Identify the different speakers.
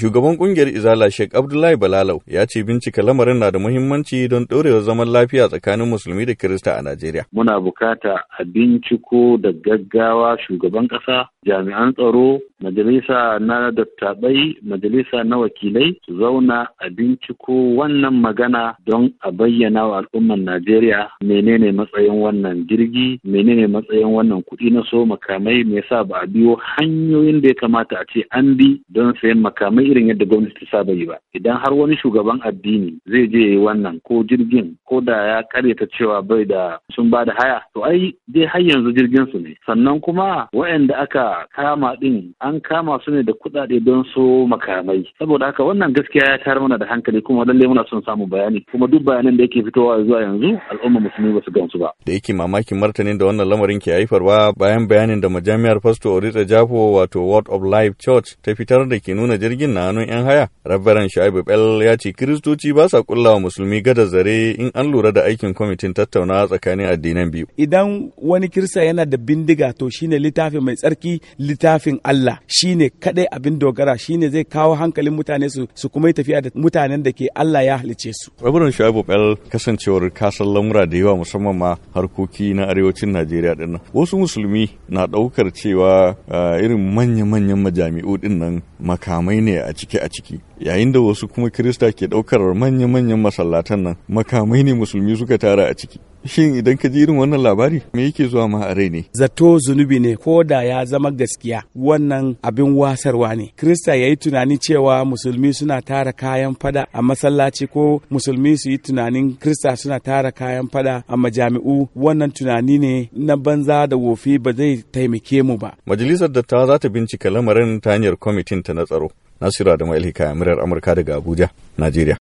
Speaker 1: Shugaban kungiyar Izala Sheikh Abdullahi Balalau ya ce bincika lamarin na da muhimmanci don ɗorewar zaman lafiya tsakanin musulmi da Kirista a Najeriya. Muna bukata
Speaker 2: a binciko da gaggawa shugaban ƙasa, jami'an tsaro, majalisa na dattabai, majalisa na wakilai su zauna a binciko wannan magana don a bayyana wa al'umman Najeriya menene matsayin wannan jirgi, menene matsayin wannan kuɗi na so makamai, me yasa ba a biyo hanyoyin da ya kamata a ce an bi don sayan makamai irin yadda gwamnati ta saba yi ba idan har wani shugaban addini zai je yi wannan ko jirgin ko da ya karyata cewa bai da sun ba da haya to ai dai har yanzu jirgin su ne sannan kuma waɗanda aka kama din an kama su ne da kuɗaɗe don su makamai saboda haka wannan gaskiya ya tayar mana da hankali kuma lalle muna son samun bayani kuma duk bayanan da yake fitowa zuwa yanzu al'umma musulmi ba su gamsu ba
Speaker 1: da yake mamakin martanin da wannan lamarin ke haifarwa bayan bayanin da majami'ar fasto orita jafo wato world of life church ta fitar da ke nuna jirgin na na hannun 'yan haya? Rabbaran Shaibu Bell ya ce Kiristoci ba sa kullawa musulmi gada zare in an lura da aikin kwamitin tattaunawa tsakanin addinan biyu.
Speaker 3: Idan wani kirsa yana da bindiga to shine littafi mai tsarki littafin Allah shine kadai abin dogara shine zai kawo hankalin mutane su su kuma yi tafiya da mutanen da ke Allah ya halice su.
Speaker 1: Rabbaran Shaibu Bell kasancewar kasar lamura da yawa musamman ma harkoki na arewacin Najeriya din nan. Wasu musulmi na ɗaukar cewa ah, irin manya-manyan majami'u din nan makamai ne a ciki a ciki yayin da wasu kuma kirista ke ɗaukar manya-manyan masallatan nan makamai ne
Speaker 3: musulmi suka tara a ciki shin idan ka ji irin wannan labari me yake zuwa ma a ne zato zunubi ne ko da ya zama gaskiya wannan abin wasarwa ne Kirista ya yi tunani cewa musulmi suna tara kayan fada a masallaci ko musulmi su yi tunanin kirista suna tara kayan fada a majami'u wannan tunani ne na banza da wofi ba zai taimake mu ba
Speaker 1: majalisar dattawa za ta bincika lamarin ta hanyar kwamitin ta na tsaro Nasiru Adamu Alhika, muryar Amurka daga Abuja, Najeriya.